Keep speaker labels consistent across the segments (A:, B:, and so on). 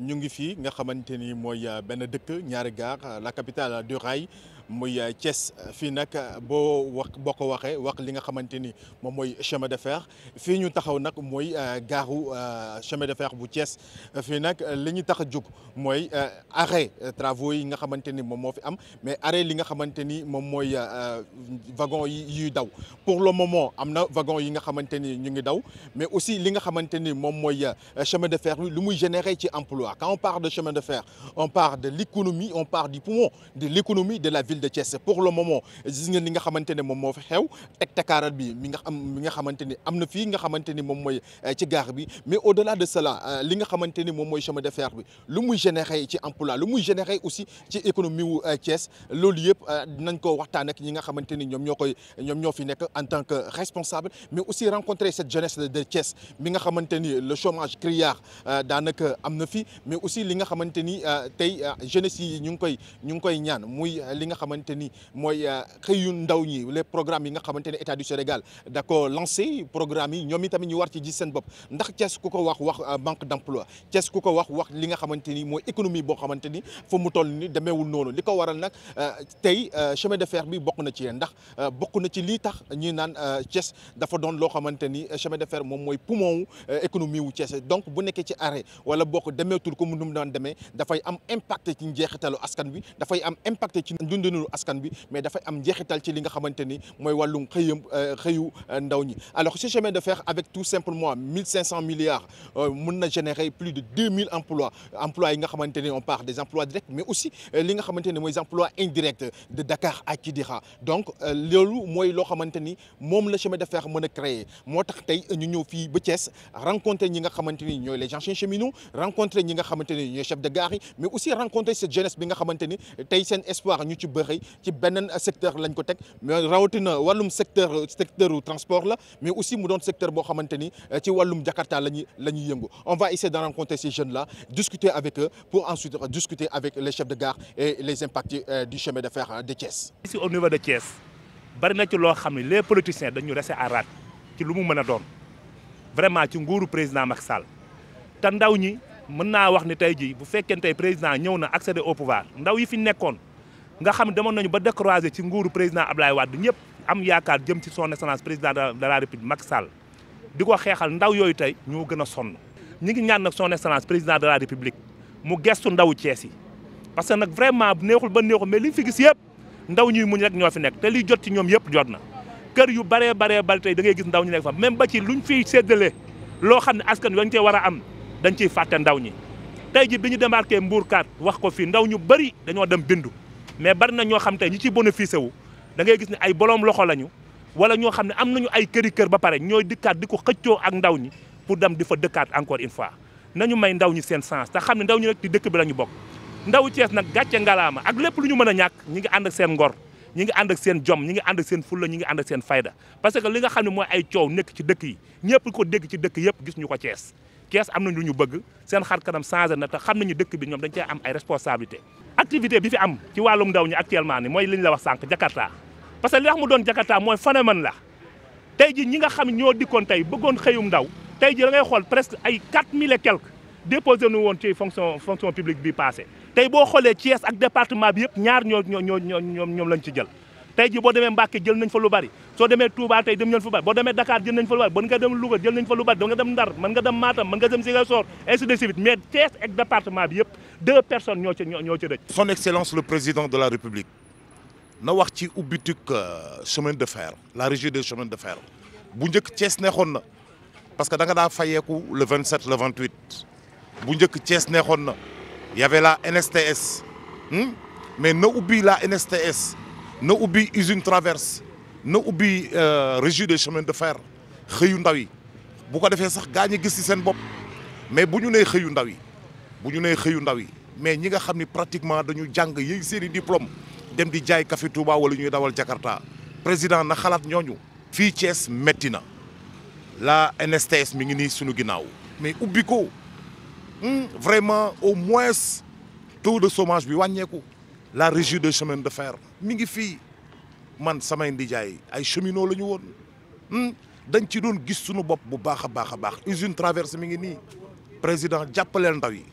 A: ñu ngi fii nga xamante ni mooy euh, benn dëkk ñaari gaar la capitale du rail muy euh, Thiès fii nag euh, boo wax boo ko waxee wax li nga xamante ni moom mooy chemin de fer fii ñu taxaw nag mooy euh, gaaru chemin de fer bu Thiès fii nag li ñu tax a jóg mooy arrêt travaux yi nga xamante ni moom moo fi am mais arrêt li nga xamante ni moom mooy wagon yi yuy daw pour le moment am na wagon yi nga xamante ni ñu ngi daw mais aussi li nga xamante ni moom mooy chemin de fer bi lu muy générer ci emploi quand on parle de chemin de fer on parle de l'économie on parle du poumon de l'économie de la ville de Thiès pour le moment gis ngeen li nga xamante ne moom moo fi xew teg bi mi nga xamante ni am na fii nga xamante ni moom mooy euh, ci de ni euh, moom mooy chemin de fer bi lu muy générer ci emploi lu muy générer aussi ci économie wu euh, Thiès loolu yëpp ko waxtaan ak ñi nga xamante ni ñoom ñoo koy ñoom ñoo fi nekk en tant que responsable mais aussi rencontrer cette jeunesse de Thiès mi nga xamante ni le chômage criard daanaka am na fi mais aussi li nga xamante ni tey jeunesse yi ñu ngi ñu ngi koy ñaan muy li xamante ni mooy euh, xëyu ndaw ñi les programmes yi nga xamante ne état du Sénégal da ko lancé programme yi ñoom itamit ñu war ci gis seen bopp ndax Thiès ku ko wax wax euh, manque d'emploi Thiès ku ko wax wax li nga xamante ni mooy économie boo xamante ni fu mu toll ni demeewul noonu li ko waral nag euh, tey chemin de fer bi bokk na ci yeen ndax bokk na ci lii tax ñuy naan Thiès dafa doon loo xamante ni chemin de fer moom mooy poumon wu économie wu Thiès donc bu nekkee ci arrêt wala bokk demeetul ko mu nu mu daan demee dafay am impact ci njeexitalu askan bi génnunu mais dafay am njeexital ci li nga xamante mooy wàllum xëyam euh, xëyu euh, ndaw ñi alors ce chemin de fer avec tout simplement milliards euh, mën na générer plus de emplois emplois yi nga xamante on parle des emplois directs mais aussi li nga xamante mooy la chemin de fer mën a créer moo tax tey ñu ñëw fii ba Thiès ñi nga xamante ñooy les anciens cheminots rencontrer ñi nga xamante ñooy chef de gare mais aussi rencontrer cette jeunesse bi nga tëx ci beneen secteur lañ ko teg mais rawatina wàllum secteur secteur transport la mais aussi mu doon secteur boo xamante ni euh, ci wàllum Jakarta la ñuy la ñuy yëngu on va essayer de rencontrer ces jeunes là discuter avec eux pour ensuite discuter avec les chefs de gare et les impactés euh, du chemin de fer de Thiès.
B: ici au niveau de Thiès bari na ci loo xam ne les politiciens dañu rese à rate ci lu mu mën a doon vraiment ci nguuru président Macky Sall te ndaw ñi mën naa wax ni tey jii bu fekkee président ñëw na accéder au pouvoir ndaw yi fi nekkoon. nga xam demoon nañu ba décroiser ci nguuru président Ablaye Wade ñëpp am yaakaar jëm ci son excellence président de la république Macky Sall di ko xeexal ndaw yooyu tey ñoo gën a sonn ñi ngi ñaan nag son excellence président de la république mu gestu ndaw Cees yi parce que nag vraiment neexul ba neexul mais li fi gis yëpp ndaw ñuy muñ rek ñoo fi nekk te liy jot ci ñoom yëpp jot na kër yu baree baree bari tey da ngay gis ndaw ñi nekk fa même ba ci luñ fiy séddale loo xam ne askan wi cee war a am dañ ciy fàtte ndaw ñi tey ji bi ñu démarqué Mbour wax ko ndaw ñu bëri dañoo dem bindu mais bari na ñoo xam tey ñi ci bénéficié wu da gis ne ay boroom loxo lañu wala ñoo xam ne am nañu ay këri kër ba pare ñooy dikkaat di ko xëccoo ak ndaw ñi pour dem di fa dëkkaat encore une fois ñu may ndaw ñi seen sens te xam ne ndaw ñi rek ci dëkk bi la ñu bokk ndaw Cees nag gàcce ngalaama ak lépp lu ñu mën a ñàkk ñi ngi ànd seen ngor ñi ngi ànd ak seen jom ñi ngi ànd seen fulla ñi ngi ànd seen fayda parce que li nga xam ne mooy ay coow nekk ci dëkk yi ñëpp ko dégg ci dëkk yëpp gis ñu ko Cees kees am na lu ñu bëgg seen xar kanam changé na te xam nañu dëkk bi ñoom dañ cee am ay responsabilité activité bi fi am ci wàllum ndaw ñi actuellement ni mooy li ñu la wax sànq Jakarta parce que li tax mu doon Jakarta mooy phénomène la tey ji ñi nga xam ñoo dikkoon tey bëggoon xëyum ndaw tey ji da ngay xool presque ay quat et quelques déposé nu woon ci fonction fonction publique bi passé tey boo xoolee Thiès ak département bi yëpp ñaar ñoo ñoo ñoo ñoom lañ ci jël tey ji boo demee Mbàkke jël nañ fa lu bari soo demee Touba tey dem nañ fa lu bari boo demee Dakar jël nañ fa lu bari mën nga dem Louga jël nañ fa lu bari mën nga dem Ndar mën nga dem Matam mën nga dem Ziguinchor ainsi
C: excellence le président de la République na wax ci ubbituk euh, chemin de fer la régie de chemins de fer bu njëkk Thiès neexoon na parce que da nga daa fayeeku le 27 le 28 bu njëkk Thiès neexoon na y la NSTS hmm? mais na ubbi la NSTS na ubbi usine traverse na ubbi euh, régie des chemins de fer xëyu ndaw yi bu ko defee sax gaa ñi gis ci seen bopp mais bu ñu nee xëyu ndaw yi bu ñu nee xëyu ndaw yi mais ñi nga xam ni pratiquement dañu jàng yéeg seen i dem di jaay café Touba wala ñuy dawal Jakarta président na xalaat ñooñu. fii cees métti na la NSTS mi ngi nii suñu ginnaaw mais ubbi ko hmm, vraiment au moins taux de chômage bi wàññeeku. la régie des chemins de fer mi ngi fii man samay ndijaay ay cheminot la ñu woon hmm? dañ ci doon gis suñu bopp bu baax a baax a baax usine traverse mi ngi nii président jàppaleel ndaw yi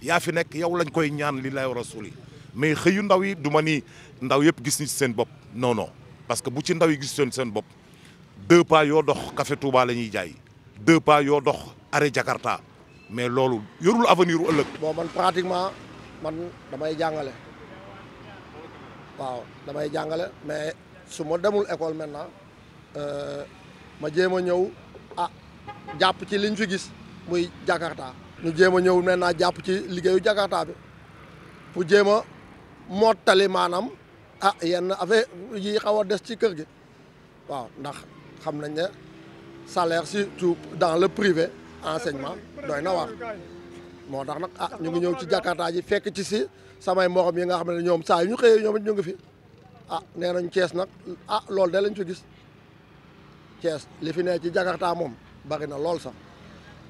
C: yaa fi nekk yow lañ koy ñaan li lay rasul yi mais xëyu ndaw yi du ma ni ndaw yëpp gis ni seen bopp non parce que bu ci ndaw yi gis seen seen bopp deux pas yoo dox café Touba la ñuy jaay deux pas yoo dox arrêt Jakarta mais loolu yorul avenir u ëllëg.
A: bon man pratiquement man damay jàngale. waaw damay jàngale mais su ma demul école maintenant euh, ma jéem a ñëw ah jàpp ci liñ fi gis muy Jakarta ñu jéem a ñëw maintenant jàpp ci liggéeyu Jakarta bi pour jéem a mottali maanaam ah yenn affaire yi xaw a des ci kër gi waaw ndax xam nañ ne salaire surtout dans le privé enseignement doy na waar moo tax nag ah ñu ngi ñëw ci Jakarta ji fekk ci si samay morom yi nga xam ne ñoom saa yu ñu xëyee ñoom it ñu ngi fi ah nee nañ cees nag ah loolu de lañ fi gis Thiès li fi ne ci Jakarta moom bari na lool sax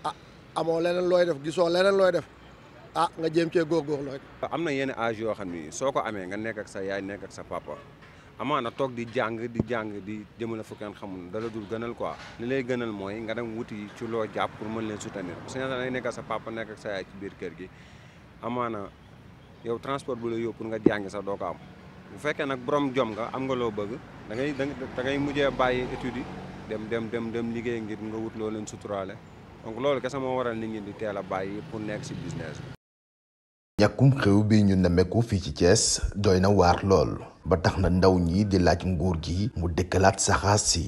A: ah amoo leneen looy def gisoo leneen looy def ah nga jëm jéem cee góorgóorlu rek.
D: am na yenn âge yoo xam ni soo ko amee nga nekk sa yaay nekk ak sa papa. amaana toog di jàng di jàng di jëmale fukki an xamul dala dul gënal quoi li lay gënal mooy nga dem wuti ci loo jàpp pour mën leen soutenir parce que ñaata nekk sa papa nekk ak sa yaay ci biir kër gi amaana yow transport bu la yóbbu pour nga jàngi sax doo ko am bu fekkee nag borom jom nga am nga loo bëgg da ngay da ngay mujjee bàyyi études yi dem dem dem dem liggéey ngir nga wut loo leen suturaale donc loolu kese moo waral nit ñi di teel a bàyyi pour nekk si business
A: ñàkkum xew bi ñu nemmeeku fii ci cees doy na waar lool ba tax na ndaw ñi di laaj nguur gi mu dëkkalaat saxaar si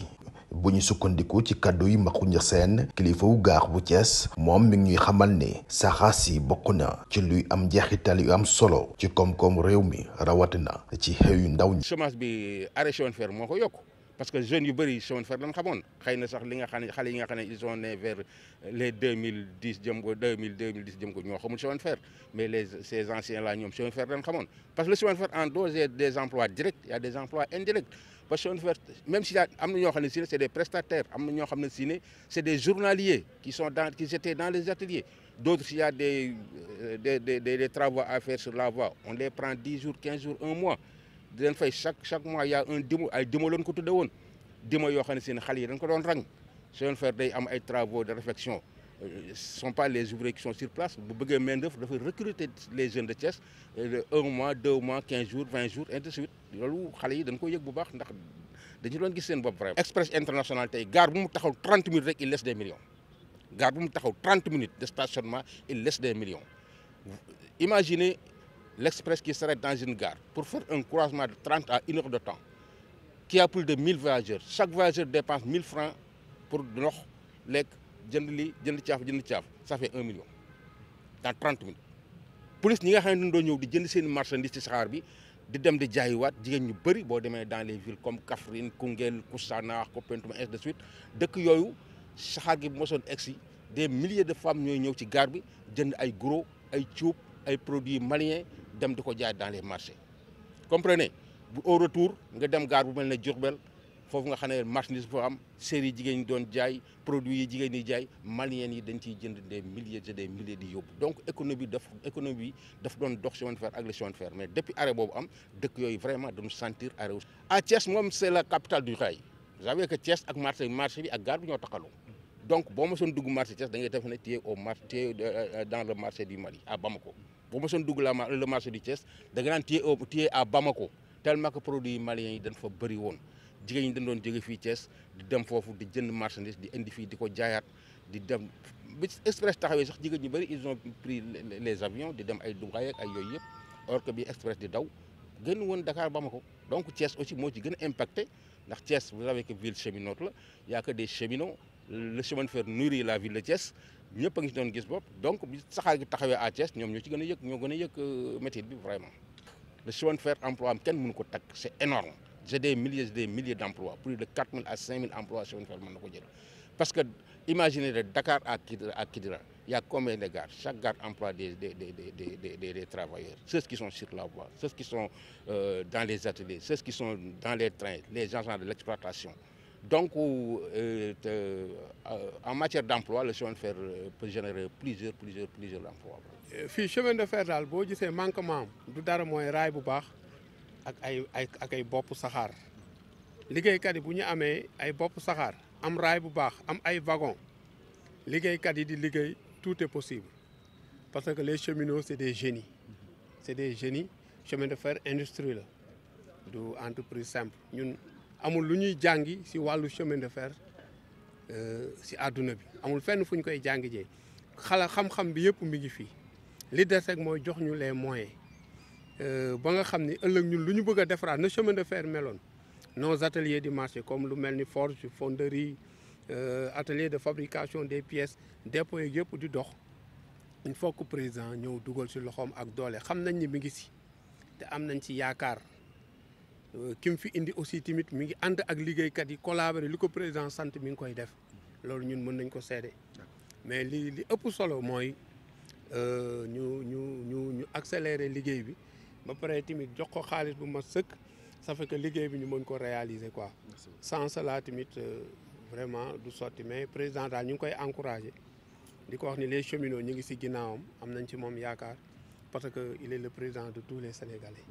A: bu ñu sukkandiku ci kàddu yi Maxu Ndiaye seen kilifa wu gaax bu cees moom mi ngi ñuy xamal ne saxaar si bokk na ci luy am njeexital yu am solo ci koom-koom réew mi rawatina ci xew yu ndaw ñi.
D: bi arrêté woon fer ko yokk parce que jeunes yu bëri chemin de fer lañ xamoon xëy na sax li nga xam ne xale yi nga xam ne ils sont nés vers les deux mille dix ñoo parce que le chemin fer en dehors des emplois directs y a des emplois indirects parce que chemin fer même si am na ñoo xam ne si ne c'est des prestataires am na ñoo xam ne si ne c'est des journaliers qui sont dans les ateliers d'autres y a des euh, des à faire sur la voie on les prend dix jours quinze jours un mois di leen fay chaque mois y a un dimo ay dimo loon ko tudde woon dimo yoo xam ne seen xale yi dañ ko doon rang seen faire day am ay travaux de réflexion euh, sont pas les ouvriers qui sont sur place bu bëggee main d'œuvre dafay les jeunes de Thiès un mois deux mois quinze jours vingt jours ainsi de suite loolu xale yi dañ ko yëg bu baax ndax dañu doon gis seen bopp vraiment. Express International tey gare bu mu taxaw trente minutes rek il laisse des millions gare bu mu taxaw trente minutes de stationnement il l'express qui s'arrête dans une gare pour faire un croisement de 30 à 1 heure de temps, qui a de 1000 voyageurs. Chaque voyageur dépense 1000 francs pour ndox lekk jënd li jënd caaf jënd caaf ça un 1 million dans 30 minutes. police ñi nga xam ne doo ñëw di jënd seen marchandise ci saxaar bi di dem di jaayiwaat jigéen ñu bëri boo demee dans les villes comme Kaffrine Koungheul Koussanar Koupentoum ainsi de suite dëkk yooyu saxaar gi mosoon egsi des milliers de femmes ñooy ñëw ci gare bi jënd ay gros ay cuub ay produits maliens dem di ko jaay dans les marchés comprenez bu au retour nga dem gaar bu mel ne Diourbel foofu nga xam ne marchandise bu am série yi jigéen ñi doon jaay produit yi jigéen ñi jaay maliens yi dañ ciy jënd de milliers et des milliers di yóbbu donc économie daf économie daf doon dox chemin de fer ak le chemin de mais depuis arrêt boobu am dëkk yooyu vraiment dañu sentir arrêt wu. ah Thiès moom c' est la capitale du rail vous ak marché marché bi ak gaar bi ñoo taxaloo donc boo ma soon dugg marché da ngay def ne au marché euh, euh, dans le marché du Mali à Bamako. boo mosoon dugg la le marché du Thiès da nga naan téye au téye à Bamako tellement que produit malien yi dañ fa bëri woon jigéen ñi dañ doon jóge fii Thiès di dem foofu di jënd marchandise di indi fii di ko jaayaat di dem bi express taxawee sax jigéen ñu bëri ils ont pris les avions di dem ay Dubaï ak ay yooyu yëpp or que bi express di daw gën woon Dakar Bamako donc cees aussi moo ci gën a impacté ndax cees vous savez que ville cheminote la yaa a que des cheminots le chemin de fer la ville de Thiès ñëpp a ngi doon gis bopp donc bi saxaar gi taxawee à Thiès ñoom ñoo ci gën a yëg ñoo gën a yëg euh, métier bi vraiment le chemin de fer emploi am kenn mënu ko takk c'est énorme j'ai des milliers des plus de 4000 à 5000 chemin de fer mën na parce que imaginez de Dakar à Kidira à Kidira il y a combien de gares chaque gare emploie des des des des des des des travailleurs ceux qui sont sur la voie ceux qui sont euh, dans les ateliers ceux qui sont dans les Donc, euh, euh, euh, en matière d'emploi, le chemin de fer euh, peut générer plusieurs, plusieurs, plusieurs emplois. Euh, fii
E: chemin de fer daal boo gisee manquement du dara mooy raay bu baax ak ay ay bopp saxaar liggéeykat yi bu ñu amee ay bopp saxaar am raay bu baax am ay wagon liggéeykat yi di liggéey tout est possible parce que les cheminots c'est des génies c'est des génies chemin de fer industrie la du entreprise simple ñun. amul lu ñuy jàngi si wàllu chemin de fer si euh, àdduna bi amul fenn fu ñu koy jàngi jee xala xam-xam bi yëpp mi ngi fii li des mooy jox ñu les moyens euh, ba nga xam ni ëllëg ñun lu ñu bëgg a defaraat na chemin de fer meloon nos ateliers di marché comme lu mel ni forge fonderie euh, atelier de fabrication des pièces dépôt yeeg yëpp di dox il faut que président ñëw dugal si loxoom ak doole xam nañ ni mi ngi si te am nañ ci yaakaar Euh, ki mu fi indi aussi tamit mi ngi ànd ak liggéeykat yi collaborer li ko président sant mi ngi koy def loolu ñun mën nañ ko seede mais li li ëpp solo mooy euh, ñu ñu ñu ñu accélérer liggéey bi ba pare tamit jox ko xaalis bu ma sëkk ça fait liggéey bi ñu mën ko réaliser quoi sans cela tamit euh, vraiment du sotti mais président daal ñu ngi koy encourager di ko wax ni les cheminots ñu ngi si ginnaawam am nañ ci moom yaakaar parce que il est le président de tous les Sénégalais